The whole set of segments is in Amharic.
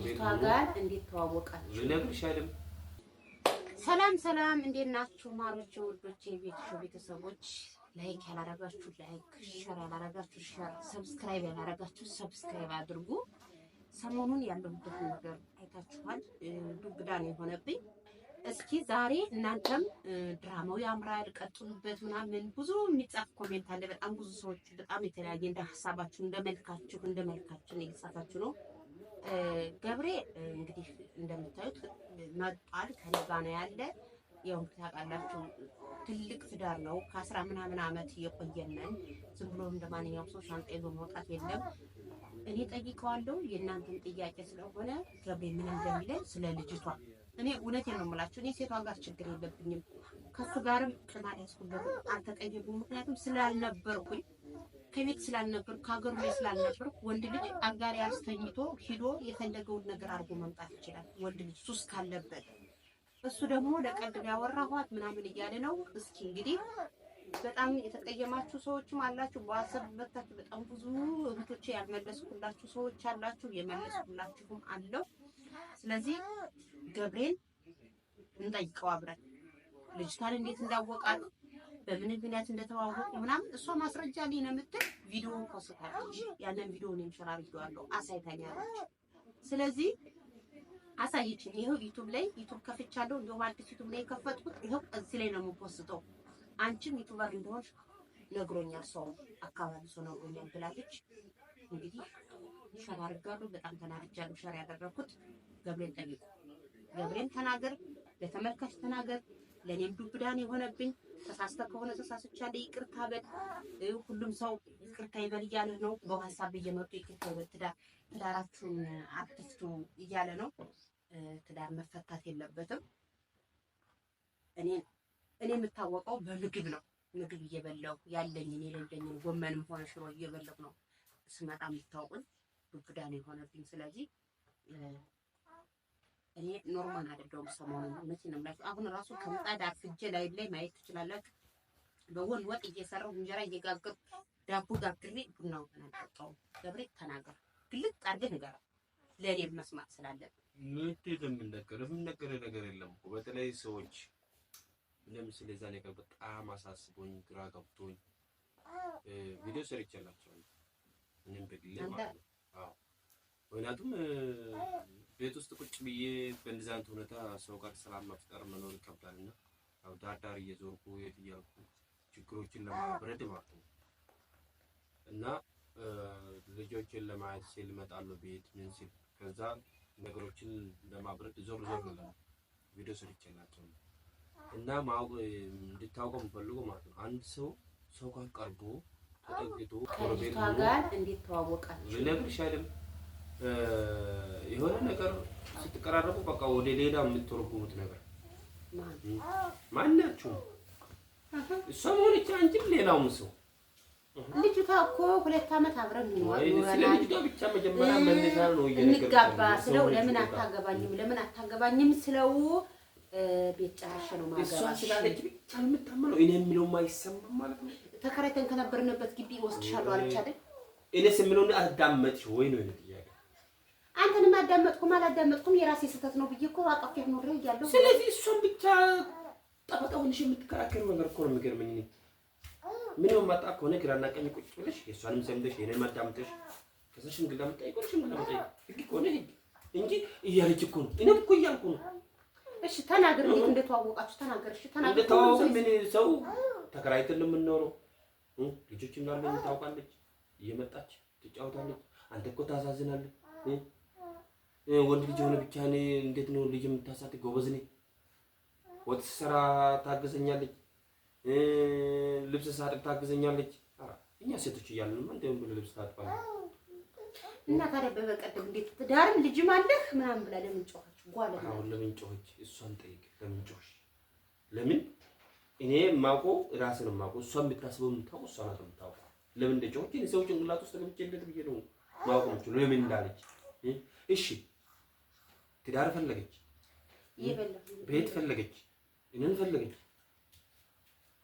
ከልጅቷ ጋር እንዴት ተዋወቃችሁ? እነግርሻለሁ። ሰላም ሰላም፣ እንዴት ናችሁ ማሮቼ፣ ውዶቼ፣ ቤተሰቦች ላይክ ያላረጋችሁ ላይክ፣ ሸር ያላረጋችሁ ሸር፣ ሰብስክራይብ ያላረጋችሁ ሰብስክራይብ አድርጉ። ሰሞኑን ያለሁበት ነገር አይታችኋል። ዱብዳ የሆነብኝ። እስኪ ዛሬ እናንተም ድራማው ያምራል ቀጥሉበት ምናምን ብዙ የሚጻፍ ኮሜንት አለ። በጣም ብዙ ሰዎች በጣም የተለያየ እንደ ሀሳባችሁ እንደ መልካችሁ እንደ መልካችን እየጻፋችሁ ነው ገብሬ እንግዲህ እንደምታዩት መጧል። ከእኔ ነው ያለ። ያው ታውቃላችሁ ትልቅ ትዳር ነው። ከአስራ ምናምን ዓመት የቆየነን ዝም ብሎ እንደማንኛውም ሰው ሻንጣ ይዞ መውጣት የለም። እኔ ጠይቀዋለሁ። የእናንተን ጥያቄ ስለሆነ ገብሬ ምን እንደሚለኝ ስለ ልጅቷ እኔ እውነቴን ነው የምላችሁ። እኔ ሴቷ ጋር ችግር የለብኝም። ከሱ ጋርም ጥናት ያስኩበት አልተቀየኩም። ምክንያቱም ስላልነበርኩኝ ከቤት ስላልነበርኩ ከሀገሩ ላይ ስላልነበርኩ ወንድ ልጅ አጋሪ አስተኝቶ ሂዶ የፈለገውን ነገር አድርጎ መምጣት ይችላል። ወንድ ልጅ ሱስ ካለበት እሱ ደግሞ ለቀልድ ያወራኋት ምናምን እያለ ነው። እስኪ እንግዲህ በጣም የተቀየማችሁ ሰዎችም አላችሁ። በዋትስአፕ መታችሁ በጣም ብዙ እህቶቼ ያልመለስኩላችሁ ሰዎች አላችሁ፣ የመለስኩላችሁም አለው። ስለዚህ ገብሬን እንጠይቀው አብረን ልጅቷን እንዴት እንዳወቃት በምን ምክንያት እንደተዋወቁ ምናምን እሷ ማስረጃ ላይ ነው የምትል ቪዲዮ ኮስታለች። ያንን ቪዲዮ ነው ሸራ አድርጌዋለሁ፣ አሳይታኛለች። ስለዚህ አሳይችኝ። ይሄው ዩቲዩብ ላይ ዩቲዩብ ከፍቻለሁ፣ እንደውም አዲስ ዩቲዩብ ላይ የከፈትኩት ይሄው እዚህ ላይ ነው የምፖስተው። አንቺም ዩቲዩበር እንደሆንሽ ነግሮኛል፣ ሰው አካባቢ ሰው ነግሮኛል ብላለች። እንግዲህ ሸራ አድርጋለሁ። በጣም ተናድጃለሁ። ሸር ያደረኩት ገብሬን ጠይቁ፣ ገብሬን ተናገር፣ ለተመልካች ተናገር። ለኔም ዱብዳን የሆነብኝ ተሳስተ ከሆነ ተሳስቻለሁ ይቅርታ በል፣ ሁሉም ሰው ይቅርታ ይበል እያለ ነው። በሀሳብ እየመጡ ይቅርታ ይበል፣ ትዳር ትዳራችሁን አትፍቱ እያለ ነው። ትዳር መፈታት የለበትም። እኔ የምታወቀው በምግብ ነው። ምግብ እየበላሁ ያለኝን የሌለኝን ጎመንም ሆነ ሽሮ እየበላሁ ነው ስመጣ የምታውቁኝ ዱብዳን የሆነብኝ ስለዚህ እኔ ኖርማል አይደለሁም። ሰሞኑን መቼም እምላችሁ አሁን ራሱ ከምጣድ አርፍጄ ላይ ላይ ማየት ትችላላችሁ። በጎን ወጥ እየሰራሁ እንጀራ እየጋገርኩ ዳቦ ጋግሬ ቡና ተናቀቀው ገብሬ ተናገር ግልጥ አድርገህ ንገረው ለእኔ መስማት ስላለብን ምንድን ነው የምንነገር የምንነገር ነገር የለም እኮ በተለይ ሰዎች ለምሳሌ እዛ ነገር በጣም አሳስቦኝ ግራ ገብቶኝ ቪዲዮ ሰርቻላችኋለሁ እኔም በግሌ ማለት ነው። አዎ ምክንያቱም ቤት ውስጥ ቁጭ ብዬ በእንደዚህ አይነት ሁኔታ ሰው ጋር ሰላም መፍጠር መኖር ይከብዳል እና ያው ዳር እየዞርኩ የት እያልኩ ችግሮችን ለማብረድ ማለት ነው እና ልጆችን ለማየት ሲል እመጣለሁ ቤት ምን ሲል ከዛ ነገሮችን ለማብረድ ዞር ዞር ነው ቪዲዮ ሰርቼላቸው ነው እና ማወቅ እንድታውቀው የምፈልገው ማለት ነው አንድ ሰው ሰው ጋር ቀርቦ ተጠግቶ ጎረቤት ጋር እንዴት ተዋወቃችሁ ልነግርሽ አይደለም የሆነ ነገር ስትቀራረቡ በቃ ወደ ሌላ የምትወረጉሙት ነገር ማናችሁ? እሷ መሆነች አንቺም ሌላውም ሰው ልጅቷ እኮ ሁለት ዓመት አብረን እንጋባ ስለው ለምን አታገባኝም ለምን አታገባኝም ስለው ቤት ጨራሽ ነው ማለት ነው። ስላለች ብቻ የምታምነው እኔ የሚለውም አይሰማም ማለት ነው። ተከራይተን ከነበርንበት ግቢ ወስድሻለሁ አለች አይደል? እኔስ የሚለውን አዳመጥሽ ወይ ነው ጥያቄ አንተንም አዳመጥኩም አላዳመጥኩም የራሴ ስህተት ነው ብዬ እኮ አቀፍ ኖር እያለሁ። ስለዚህ እሷን ብቻ ጠበጣውንሽ የምትከራከሩ ነገር እኮ ነው የሚገርመኝ። ምን ማጣ ከሆነ ግራና ቀኝ ቁጭ ብለሽ የእሷንም ሰምተሽ የእኔንም አዳምጠሽ ከዛ ሽምግልና የምጠይቀው ሽምግልና የምጠይቀው ህግ ከሆነ ህግ እንጂ እያለች እኮ ነው። እኔም እኮ እያልኩ ነው። እሺ ተናገር፣ እንዴት እንደተዋወቃችሁ ተናገር። እሺ ተናገር። እንደተዋወቁ ምን ሰው ተከራይተን ነው የምንኖረው። ልጆች እንዳሉ ታውቃለች፣ እየመጣች ትጫወታለች። አንተ እኮ ታሳዝናለህ። ወንድ ልጅ የሆነ ብቻ እኔ እንዴት ነው ልጅ የምታሳት? ጎበዝ ነኝ። ወጥ ስራ ታግዘኛለች፣ ልብስ ሳጥብ ታግዘኛለች። እኛ ሴቶች እያለን ደም ብሎ ልብስ ታጥባለች። እና ታዲያ በበቀደም እንዴት ትዳርም ልጅም አለህ ምናምን ብላ ለምን ጮኸች? ጓለ አሁን ለምን ጮኸች? እሷን ጠይቅ። ለምን ጮኸች? ለምን እኔ የማውቀው ራሴን ማቆ እሷን የምታስበው የምታውቀው እሷ ናት የምታውቀው። ለምን እንደጮኸች እኔ ሰው ጭንቅላት ውስጥ ለምን ጭንቅላት ብዬ ነው ለምን እንዳለች እሺ ትዳር ፈለገች፣ ቤት ፈለገች፣ እኔን ፈለገች።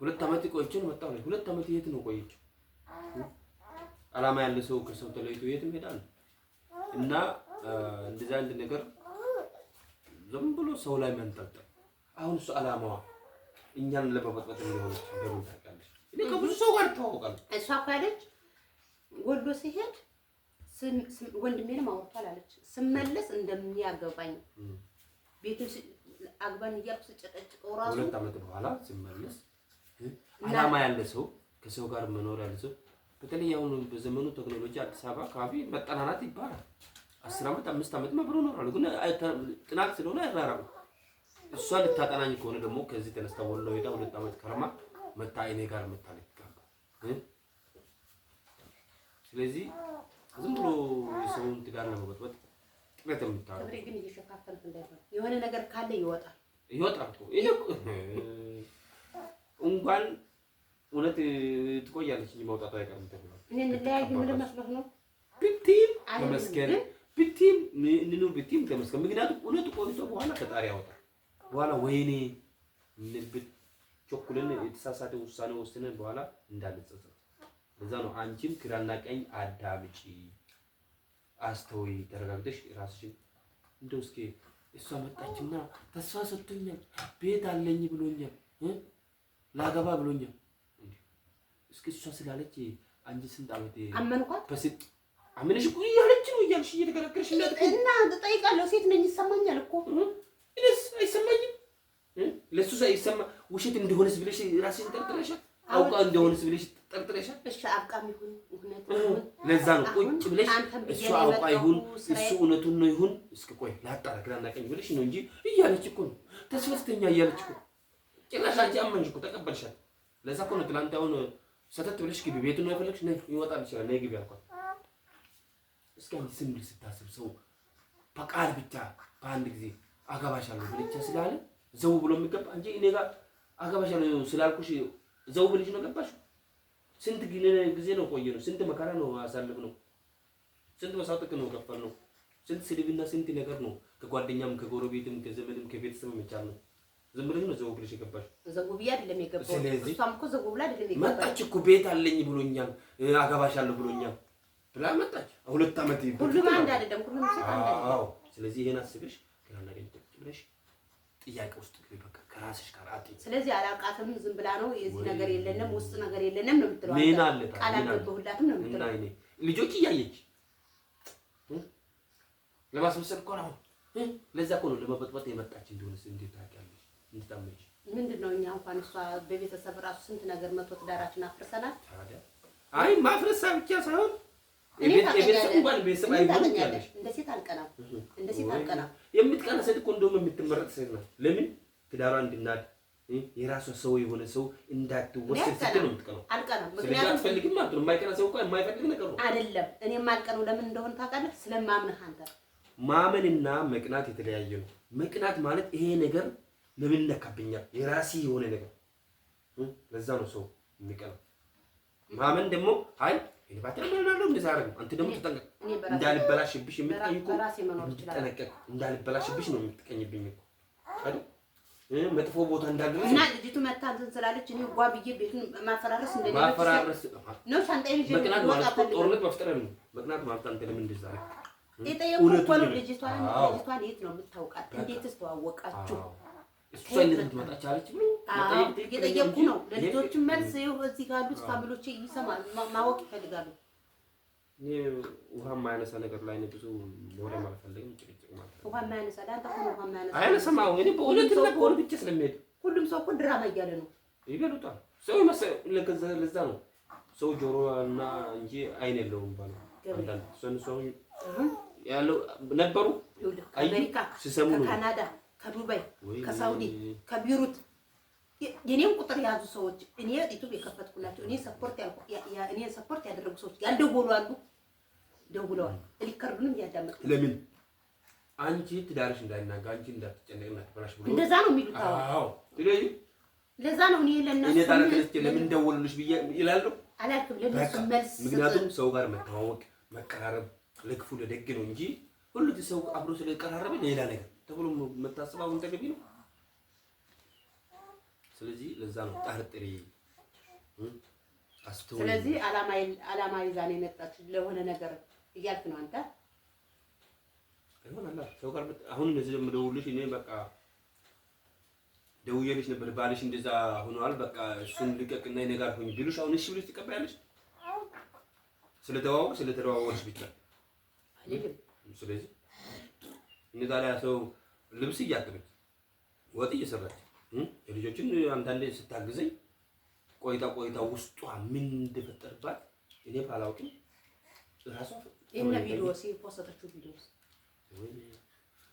ሁለት ዓመት ነው መጣሁ። ሁለት ዓመት የት ነው ቆየችው? አላማ ያለ ሰው ከሰው ተለይቶ የትም ሄዳል እና እንደዛ አንድ ነገር ዝም ብሎ ሰው ላይ መንጠልጠል። አሁን እሱ አላማዋ እኛን ለመበጥበጥ እንደሆነች ታውቃለች። እኔ ከብዙ ሰው ጋር ትተዋወቃለች። እሷ ወሎ ሲሄድ ወንድሜንም አውርቷል አለች። ስመለስ እንደሚያገባኝ ቤትም አግባን እያልኩ ስጨቀጭቀው ራሱ ሁለት ዓመት በኋላ ሲመለስ አላማ ያለ ሰው ከሰው ጋር መኖር ያለ ሰው በተለይ አሁን በዘመኑ ቴክኖሎጂ አዲስ አበባ አካባቢ መጠናናት ይባላል። አስር ዓመት አምስት ዓመት መብሮ ኖራሉ። ግን ጥናት ስለሆነ አይራራም። እሷ ልታጠናኝ ከሆነ ደግሞ ከዚህ ተነስታ ወሎ ሄዳ ሁለት ዓመት ከረማ መታ እኔ ጋር መታለች። ልትጋባ ስለዚህ ዝም ብሎ የሰውን ትዳር ለመበጥበጥ ጥረት የምታደርገው ክብሬ ግን እየሸካፈልክ እንዳይሆን የሆነ ነገር ካለ ይወጣል ይወጣል እኮ ይሄ እንኳን እውነት ትቆያለች እንጂ መውጣቱ አይቀርም ተብሏል። እኔ እንለያይ ምንም መስሎህ ነው ብትይም ተመስገን ብትይም እንኑር ብትይም ተመስገን። ምክንያቱም እውነት ቆይቶ በኋላ ፈጣሪ ያወጣል። በኋላ ወይኔ ቸኩለን የተሳሳተ ውሳኔ ወስነን በኋላ እንዳንጸጸት ለዛ ነው አንቺም ግራና ቀኝ አዳምጪ፣ አስተውይ፣ ተረጋግተሽ ራስሽን እንደው እስኪ እሷ መጣችና ተስፋ ሰጥቶኛል፣ ቤት አለኝ ብሎኛል፣ ላገባ ብሎኛል። እስኪ እሷ ስላለች አንቺ ስንት ዓመት አመንኳት በስጥ አምነሽ እኮ እያለች ነው እያልሽ እየተከራከርሽ እና ጠይቃለሁ። ሴት ነኝ ይሰማኛል እኮ እኔስ አይሰማኝም። ለሱ ይሰማ ውሸት እንደሆነስ ብለሽ ራስሽን ጠርጥረሻል። አውቃ እንደሆነስ ብለሽ ጠርጥሬሻል። ለዛ ነው ቁጭ ብለሽ እሱ አውቃ ይሁን እሱ እውነቱን ነው ይሁን፣ እስኪ ቆይ ላጣራ ግራና ቀኝ ብለሽ ነው እንጂ እያለች እኮ ነው ተስፈስተኛ እያለች እኮ ጭራሽ አንቺ አመንሽ እኮ ተቀበልሻል። ለዛ እኮ ነው ትናንት አሁን ሰተት ብለሽ ግቢ ነው የፈለግሽ ይወጣል ይችላል ነይ ግቢ አልኳት። እስኪ ስም ስታስብ ሰው በቃል ብቻ በአንድ ጊዜ አገባሻለሁ ብልቻ ስላለ ዘው ብሎ የሚገባ እንጂ እኔ ጋር አገባሻለሁ ስላልኩሽ ዘው ብልሽ ነው ገባሽ ስንት ጊዜ ነው ቆየ ነው? ስንት መከራ ነው አሳልፍ ነው? ስንት መሳጥቅ ነው ከፈል ነው? ስንት ስድብና ስንት ነገር ነው? ከጓደኛም ከጎረቤትም ከዘመድም ከቤተሰብም መቻል ነው። ዝም ብለን ነው ዘው ብለሽ የገባሽ። ዘው መጣች እኮ ቤት አለኝ ብሎኛል፣ አገባሻለሁ ብሎኛል ብላ መጣች። ሁለት ዓመት ይብሉ ሁሉም አንድ አይደለም፣ ሁሉም ሰው አንድ አይደለም። ስለዚህ ይሄን አስበሽ ጥያቄ ውስጥ ይበቃ ከራስሽ ጋር አትይ። ስለዚህ አላውቃትም፣ ዝም ብላ ነው። የዚህ ነገር የለንም፣ ውስጥ ነገር የለንም ነው የምትለው። ምን አለ ቃል አልገባሁላትም ነው የምትለው። ልጆች እያየች ለማስመሰል እኮ ነው። ለዛ እኮ ነው ለመበጥበጥ የመጣች እንደሆነ እንዴት ታውቂያለሽ? እንድታመጭ ምንድን ነው እኛ እንኳን እሷ በቤተሰብ ራሱ ስንት ነገር መቶ ትዳራችን አፍርሰናል። አይ ማፍረሳ ብቻ ሳይሆን እንደ ሴት አልቀናም፣ እንደ ሴት አልቀናም። የምትቀና ሴት እኮ እንደውም የምትመረጥ ሴት ናት። ለምን ትዳሯ እንድናድ የራሷ ሰው የሆነ ሰው እንዳትወሰድ ስትል ነው የምትቀረው። አልቀረም፣ ምክንያቱም አትፈልግም ማለት ነው። የማይቀር ሰው እኮ የማይፈልግ ነገር ነው አይደለም። እኔ የማልቀረው ለምን እንደሆነ ታውቃለህ? ስለማምንህ አንተ። ማመንና መቅናት የተለያየ ነው። መቅናት ማለት ይሄ ነገር ለምን ነካብኛል፣ የራሴ የሆነ ነገር ለዛ ነው ሰው የሚቀረው። ማመን ደግሞ አይ ይባታ ምናለው እንደዛ አረግ አንተ ደግሞ ተጠንቀቅ፣ እንዳልበላሽብሽ የምትቀኝ እኮ እንዳልበላሽብሽ ነው የምትቀኝብኝ እኮ አይደል መጥፎ ቦታ እንዳልደረሰ እና ልጅቱ መታ እንትን ስላለች እኔ ጓ ብዬ ቤቱን ማፈራረስ እንደማፈራረስ ነው። ሻንጣዬ ልጅ ጦርነት ነው። መቅናት ለምን ነው። የት ነው የምታውቃት? እንዴትስ ተዋወቃችሁ? ነው። መልስ እዚህ ካሉት ካምሎቼ ይሰማሉ፣ ማወቅ ይፈልጋሉ። ውሃ የማያነሳ ነገር ላይ ብዙ ወሬ አልፈልግም። አያነሳም። እኔ በሁለትና በሁለት ብቻ ስለሚሄድ ሁሉም ሰው እኮ ድራማ እያለ ነው ይገሉታል። ሰው ለዛ ነው ሰው ጆሮ እና እንጂ አይን የለውም ባለው ያለው ነበሩ ከአሜሪካ ከካናዳ ከዱባይ ከሳውዲ ከቢሩት የኔም ቁጥር የያዙ ሰዎች እኔ ዩቱብ የከፈትኩላቸው እኔ ሰፖርት ያደረጉ ሰዎች ያልደወሉ አሉ፣ ደውለዋል። ሪከርዱንም እያዳመጡ ለምን አንቺ ትዳርሽ እንዳይናጋ አንቺ እንዳትጨነቅ እንዳትበላሽ ብሎ እንደዛ ነው የሚሉት። አዎ ስለዚህ ለዛ ነው እኔ ለነሱ እኔ ለእነሱ ለምን ደወሉልሽ ብዬ ይላሉ አላልኩም። ለነሱ መልስ ምክንያቱም ሰው ጋር መተዋወቅ መቀራረብ ለክፉ ለደግ ነው እንጂ ሁሉ ሰው አብሮ ስለቀራረበ ሌላ ነገር ተብሎ መታሰብ አሁን ተገቢ ነው። ስለዚህ ለዛ ነው ጠርጥሪ አስተውል። ስለዚህ አላማ አላማ ይዛ ነው የመጣችው ለሆነ ነገር እያልክ ነው አንተ ሰው ጋር አሁን እኔ በቃ ደውዬልሽ ነበር። ባልሽ እንደዛ ሆኗል፣ በቃ እሱን ልቀቅና ይነጋር ሆኝ ቢሉሽ አሁን እሺ ብለሽ ትቀበያለሽ? ብቻ ስለዚህ እኔ ታዲያ ሰው ልብስ እያጠበች ወጥ እየሰራች ልጆችን አንዳንዴ ስታግዘኝ ቆይታ ቆይታ ውስጧ ምን እንደፈጠርባት እኔ ባላውቅም ራሷ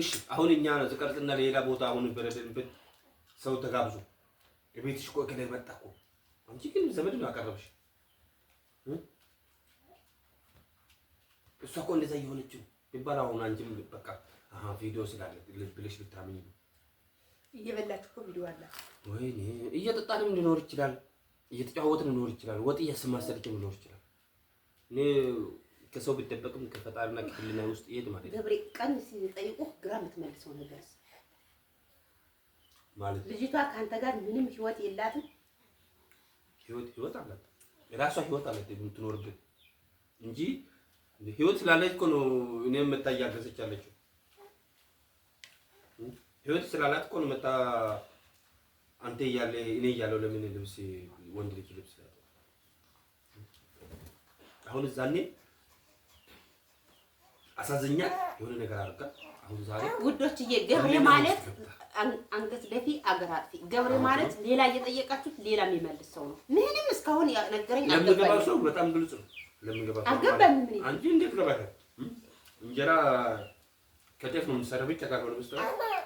እሺ አሁን እኛ ነው ተቀርጽና ሌላ ቦታ አሁን በረደንበት ሰው ተጋብዞ ቤትሽ እኮ ከላይ መጣ እኮ አንቺ ግን ዘመድ ነው ያቀረብሽ። እሷ እኮ እንደዛ እየሆነችው ይባል። አሁን አንቺም በቃ አሃ ቪዲዮ ስላለ ብለሽ ብታምኝ እየበላችሁ እኮ ቪዲዮ አለ ወይ? እየጠጣንም ሊኖር ይችላል፣ እየተጫወትን ሊኖር ይችላል፣ ወጥ እያስማሰልክ ሊኖር ይችላል። ከሰው ቢደበቅም ከፈጣሪና ከህሊና ውስጥ ይሄድ ማለት ነው። ገብሬ ቀን ሲጠይቁ ግራ የምትመልሰው ነገርስ ማለት ልጅቷ ከአንተ ጋር ምንም ህይወት የላትም። ህይወት ህይወት አላት፣ የራሷ ህይወት አላት የምትኖርበት እንጂ ህይወት ስላለች እኮ ነው እኔም መታ እያገዘች ያለችው። ህይወት ስላላት እኮ ነው መታ አንተ እያለ እኔ እያለው ለምን ልብስ ወንድ ልጅ ልብስ አሁን እዛኔ አሳዘኛል የሆነ ነገር አድርጋ አሁን ዛሬ ውዶችዬ ገብሬ ማለት አንገት ደፊ አገር አጥፊ ገብሬ ማለት ሌላ እየጠየቃችሁት ሌላ የሚመልስ ሰው ነው። ምንም እስካሁን ነገረኝ ለምንገባው ሰው በጣም ግልጽ ነው። ለምንገባው ሰው አገባኝ ምን አንቺ እንዴት ገባታል? እንጀራ ከጤፍ ነው የምትሰራው። ብቻ ካልሆነ በስተቀር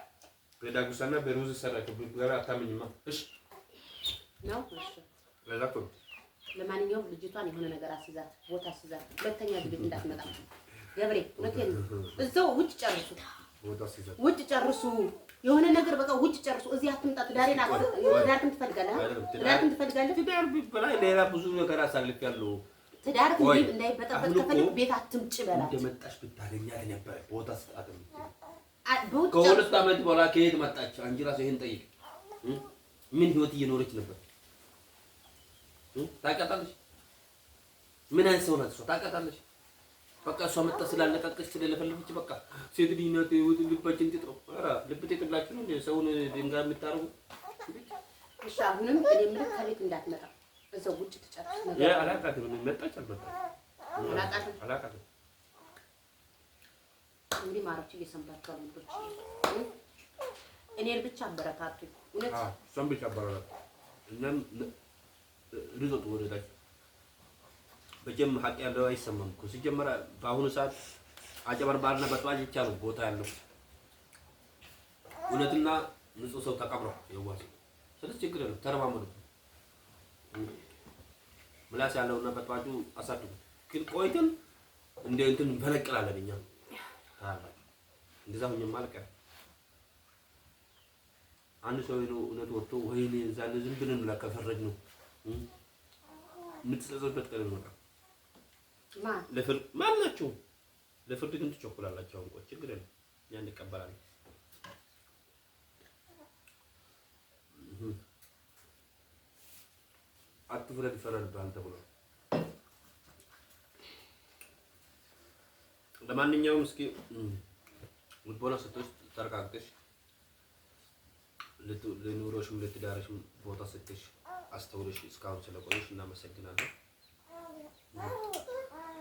በዳጉሳና በሩዝ ሰራች ብትገባ አታምኝማ። እሺ ነው እሺ። ለዛኩ ለማንኛውም ልጅቷን የሆነ ነገር አስይዛት ቦታ አስይዛት፣ ሁለተኛ ግድ እንዳትመጣ ገብሬ እውነቴን እዛው ውጭ ጨርሱ፣ ውጭ ጨርሱ። የሆነ ነገር በቃ ውጭ ጨርሱ። እዚህ አትምጣ። ትዳሬን አት ትዳርክም ትፈልጋለህ፣ ትዳርክም ትፈልጋለህ። ትዳር ቢበላ ሌላ ብዙ ነገር አሳልፊያለሁ። ትዳር እንዳይበጠበጥ ከፈልግ ቤት አትምጭ በላት። እንደመጣሽ ብታገኛት ነበረ ቦታ ስጣት። ከሁለት ዓመት በኋላ ከየት መጣች? አንቺ ራሱ ይሄን ጠይቅ። ምን ህይወት እየኖረች ነበር? ታውቂያታለሽ? ምን አይነት ሰው ናት እሷ? ታውቂያታለሽ? በቃ እሷ መጣ ስላለቀቀች ስለለፈለፈች በቃ ሴት ልጅ ናት። ልባችን ጥጥ ነው። ልብ ጥላችሁ ነው ሰውን ድንጋይ የምታርጉ። እሺ አሁንም እኔ የምልህ ከቤት እንዳትመጣ እዛው ውጭ ትጨርስ ነገር ያ ምን መጣች አልመጣች አላውቃትም፣ እንግዲህ ማረች እየሰንባቸው ልጆች እኔን ብቻ እውነት እሷን ብቻ አበረታቱ። እናም መቼም ሀቅ ያለው አይሰማም እኮ ሲጀመር በአሁኑ ሰዓት አጨበርባሪና በጥባጭ ብቻ ነው ቦታ ያለው። እውነትና ንጹህ ሰው ተቀብሮ የዋሱ ስለዚህ ችግር የለም። ተረማመዱ። ምላስ ያለውና በጥባጩ አሳድጉ። ግን ቆይትን እንደ እንትን እንፈነቅላለን እኛ እንደዛ ሁኝም አልቀ አንድ ሰው ነው እውነት ወጥቶ ወይኔ እዛ ዝም ብለን ከፈረጅ ነው የምትጸጸትበት ቀን ነው። ለፍርድ ማናችሁም ለፍርድ ግን ትቸኩላላችሁ። አሁን ቆይ ችግር የለም እኛ እንቀበላለን። አትፍረድ ይፈረድብሃል ተብሎ ለማንኛውም እስኪ ልቦና ስትሽ ተረጋግተሽ ለኑሮሽም ልትዳረሽም ቦታ ስትሽ አስተውለሽ እስካሁን ስለቆየሽ እናመሰግናለን።